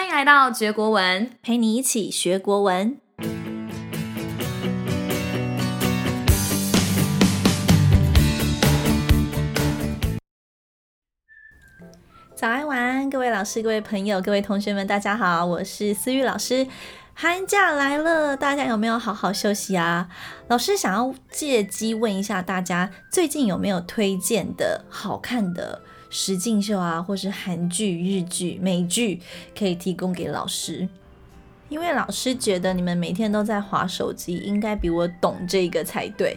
歡迎來到學國文，陪你一起學國文。早安晚安，各位老師、各位朋友、各位同學們，大家好，我是思予老師。寒假來了，大家有沒有好好休息啊？老師想要借機問一下大家，最近有沒有推薦的好看的？實境秀啊，或是韓劇、日劇、美劇，可以提供給老師，因為老師覺得你們每天都在滑手機，應該比我懂這個才對。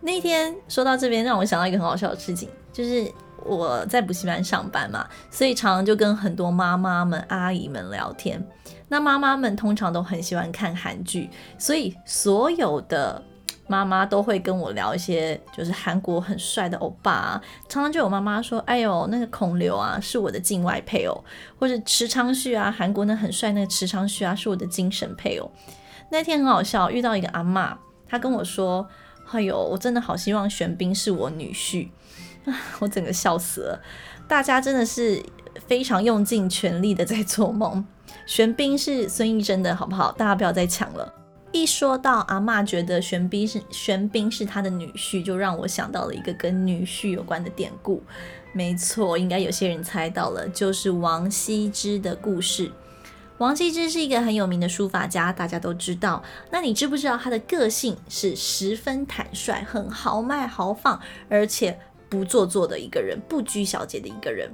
那天說到這邊，讓我想到一個很好笑的事情，就是我在補習班上班嘛，所以常常就跟很多媽媽們、阿姨們聊天。那媽媽們通常都很喜歡看韓劇，所以所有的媽媽都會跟我聊一些，就是韓國很帥的歐巴、啊，常常就有媽媽說：“哎呦，那個孔劉啊，是我的境外配偶，或者池昌旭啊，韓國那很帥那個池昌旭啊，是我的精神配偶。”那天很好笑，遇到一個阿嬤，她跟我說：“哎呦，我真的好希望玄彬是我女婿。 ”我整個笑死了，大家真的是非常用盡全力的在做夢。玄彬是孫藝珍的好不好？大家不要再搶了。一說到阿嬤覺得玄彬是玄彬是他的女婿，就讓我想到了一個跟女婿有關的典故。沒錯，應該有些人猜到了，就是王羲之的故事。王羲之是一個很有名的書法家，大家都知道。那你知不知道他的個性是十分坦率、很豪邁、豪放，而且不做作的一個人，不拘小節的一個人？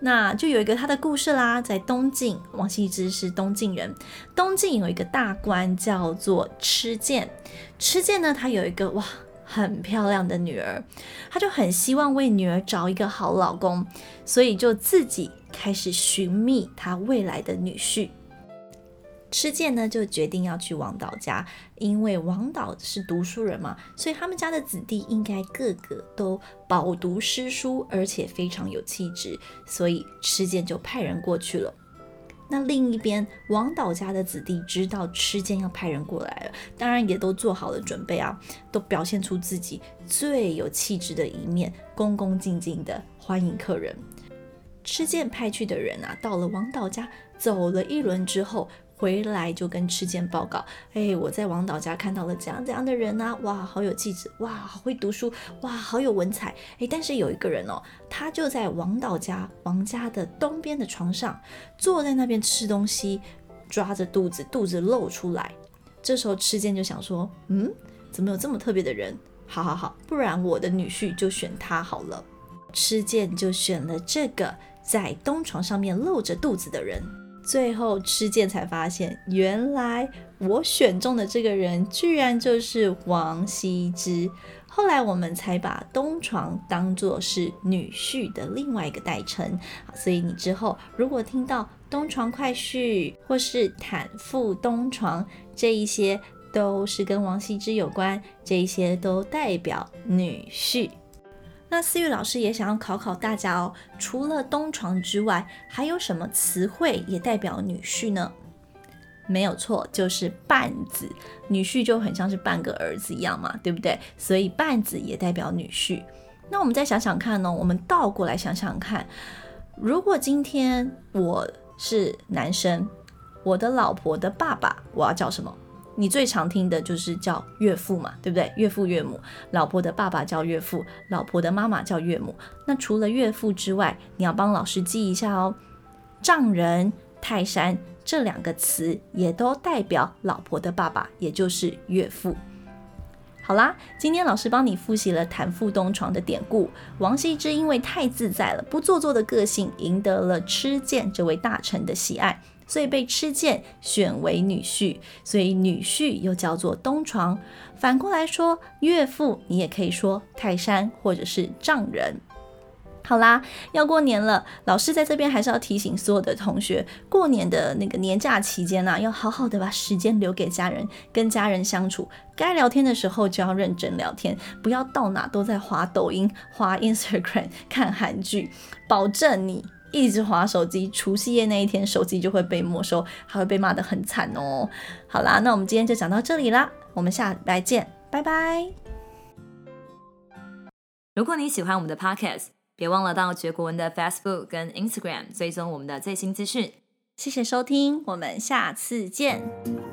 那就有一個他的故事啦，在東晉，王羲之是東晉人。東晉有一個大官叫做郗鑒，郗鑒呢，他有一個哇很漂亮的女兒，他就很希望為女兒找一個好老公，所以就自己開始尋覓他未來的女婿。郗鑒呢，就決定要去王導家，因為王導是讀書人嘛，所以他們家的子弟應該個個都飽讀詩書，而且非常有氣質，所以郗鑒就派人過去了。那另一邊，王導家的子弟知道郗鑒要派人過來了，當然也都做好了準備啊，都表現出自己最有氣質的一面，恭恭敬敬的歡迎客人。郗鑒派去的人啊，到了王導家，走了一輪之後。回來就跟郗鑒報告，哎、欸，我在王導家看到了怎樣怎樣的人吶、啊，哇，好有氣質，哇，好會讀書，哇，好有文采，哎、欸，但是有一個人哦，他就在王導家王家的東邊的床上，坐在那邊吃東西，抓着肚子，肚子露出來。這時候郗鑒就想說，嗯，怎麼有這麼特別的人？好好好，不然我的女婿就選他好了。郗鑒就選了這個在東床上面露着肚子的人。最後郗鑒才發現，原來我選中的這個人居然就是王羲之。後來我們才把東床當作是女婿的另外一個代稱，所以你之後如果聽到東床快婿或是坦腹東床，這一些都是跟王羲之有關，這一些都代表女婿。那思予老師也想要考考大家哦，除了東床之外，還有什麼詞彙也代表女婿呢？沒有錯，就是半子，女婿就很像是半個兒子一樣嘛，對不對？所以半子也代表女婿。那我們再想想看呢、哦？我們倒過來想想看，如果今天我是男生，我的老婆的爸爸，我要叫什麼？你最常聽的就是叫岳父嘛，對不對？岳父岳母，老婆的爸爸叫岳父，老婆的媽媽叫岳母。那除了岳父之外，你要幫老師記一下哦，丈人、泰山這兩個詞也都代表老婆的爸爸，也就是岳父。好啦，今天老師幫你復習了《坦腹東床》的典故。王羲之因為太自在了、不做作的個性，贏得了郗鑒這位大臣的喜愛。所以被郗鑒選為女婿，所以女婿又叫做東床。反過來說，岳父你也可以說泰山或者是丈人。好啦，要過年了，老師在這邊還是要提醒所有的同學，過年的那個年假期間呢、啊，要好好的把時間留給家人，跟家人相處。該聊天的時候就要認真聊天，不要到哪都在滑抖音、滑 Instagram、看韓劇，保證你。一直划手機，除夕夜那一天手機就會被沒收，還會被罵得很慘哦。好啦，那我們今天就講到這裡啦，我們下禮拜見，拜拜。如果你喜歡我們的 Podcast，別忘了到覺國文的 Facebook 跟 Instagram 追蹤我們的最新資訊。謝謝收聽，我們下次見。